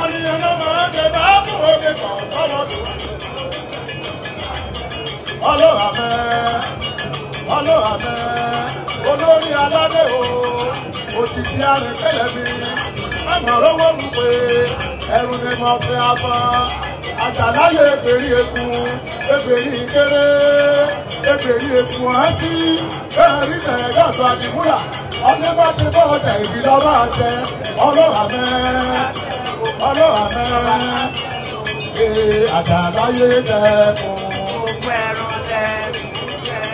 Ọ̀nìyànà máa ń gbẹ̀bá kó o gbé kàn tọ́lọ́ tó. Ọlọ́run àfẹ́, ọlọ́run àfẹ́, olórí aládé o, òtítí àrùn kẹlẹ̀ mi. Ẹ̀mọ̀ lówó mú pé ẹrù ni mo fi abọ́. Àjàláyé èbèrè eku, èbèrè ìkéré, èbèrè eku àti ẹ̀rí tẹ̀gàdọ̀ àdìmúlà. Ọdún bá ti bọ́ ọjà ìbílọ́ máa jẹ, ọlọ́run àfẹ́ ọlọ́ọ̀nà ṣe àdàláyé dẹ́kun. gbogbo ẹran lẹ́kùn jẹ́.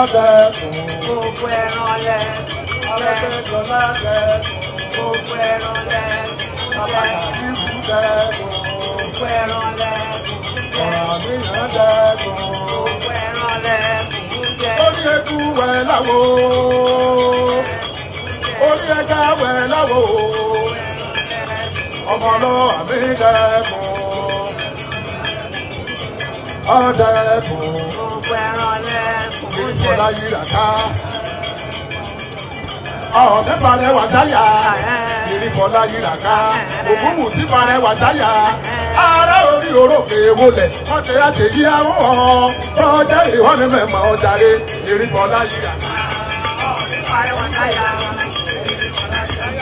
ọ̀dẹ́kun. gbogbo ẹran lẹ́kùn jẹ́. ọ̀dẹ́kùnlá dẹ́kun. gbogbo ẹran lẹ́kùn jẹ́. àbàtàbí kú dẹ́kun. gbogbo ẹran lẹ́kùn jẹ́. ọ̀rọ̀ àníyàn dẹ́kun. gbogbo ẹran lẹ́kùn jẹ́. orí eku wẹ̀ láwo. orí ẹja wẹ̀ láwo ọmọ amidepo, mi dẹ́kun ọ dẹ́kun gbogbo ẹran lẹ́kun ó jẹ́ ìgbọ́lá yìí ràká ọ̀ọ́dẹ́ parẹ́ wà táyà ìrìkọ̀lá yìí ràká òkúmù tí parẹ́ wà táyà ara orí orókè wọlé ọ̀tẹ̀ àṣeyí àwọn ọ̀ọ́dẹ́ ìwọ́nì mẹ́mọ́ ọ̀dàre ìrìkọ̀lá yìí ràká ọ̀ọ́dẹ́ parẹ́ wà táyà ìrìkọ̀lá yìí ràká.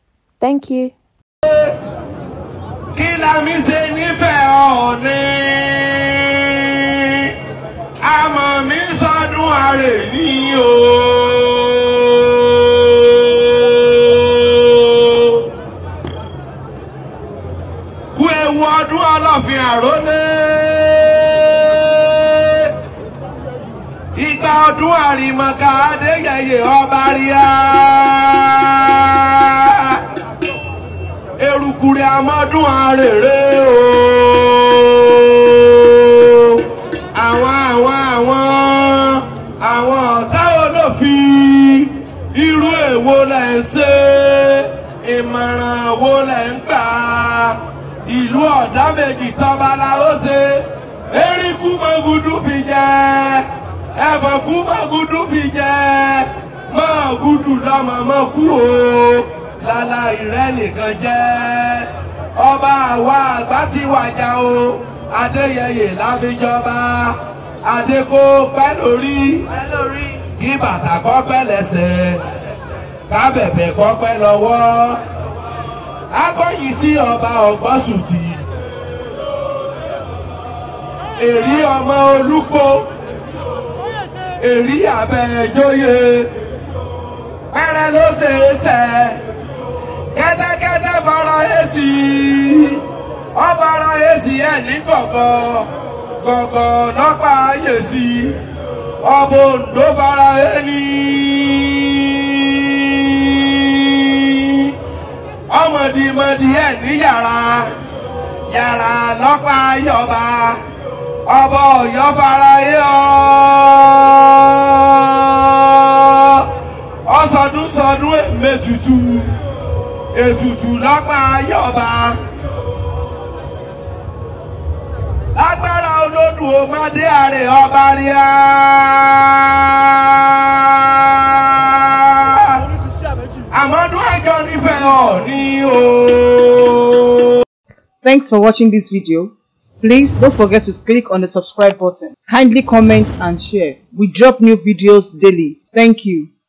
Thank you. ọlọ́fin àrólé ìgbà ọdún àrìmọ̀kà adéyẹyẹ ọba ríà. amọ́dún arèrè o. àwọn àwọn àwọn àwọn ọ̀tá olófin irú èwo lẹ̀ ń ṣe ìmọ̀ràn wo lẹ̀ ń gbà ìlú ọ̀dá méjì tọ́ba la ó ṣe eríkú mọ́gudú fi jẹ ẹ̀fọ̀kú mọ́gudú fi jẹ mọ́gudú lọ́mọ mọ́kú o lálá ìrẹ́ nìkan jẹ́ ọba àwa àgbà ti wàjà o adéyẹyè lábíjọba adékó pẹ́ lórí kí bàtà kọ́ pẹ́ lẹ́sẹ̀ kábẹ̀bẹ̀ kọ́ pẹ́ lọ́wọ́ akọ́yìn sí ọba ọ̀gbọ́sùtì èrí ọmọ olúgbó èrí abẹ́ẹ̀jọ́yè pẹ́rẹ́ ló ṣe é sẹ́ẹ̀ èsì ọba ara èsì ẹ̀ ní gọ̀gọ̀ gọ̀gọ̀ lọ́pàá ayè sí ọba òǹdó fara ẹni. ọmọdìmọdì ẹ̀ ní yàrá yàrá lọ́pàá ayọ̀ba ọba ọ̀yọ́ fara yọ. ọ̀sọ̀dún sọdún èmẹ́tutù ètùtù lápá yọba lágbára olódùn ó àrè ọba rí Thanks for watching this video. Please don't forget to click on the subscribe button. Kindly comment and share. We drop new videos daily. Thank you.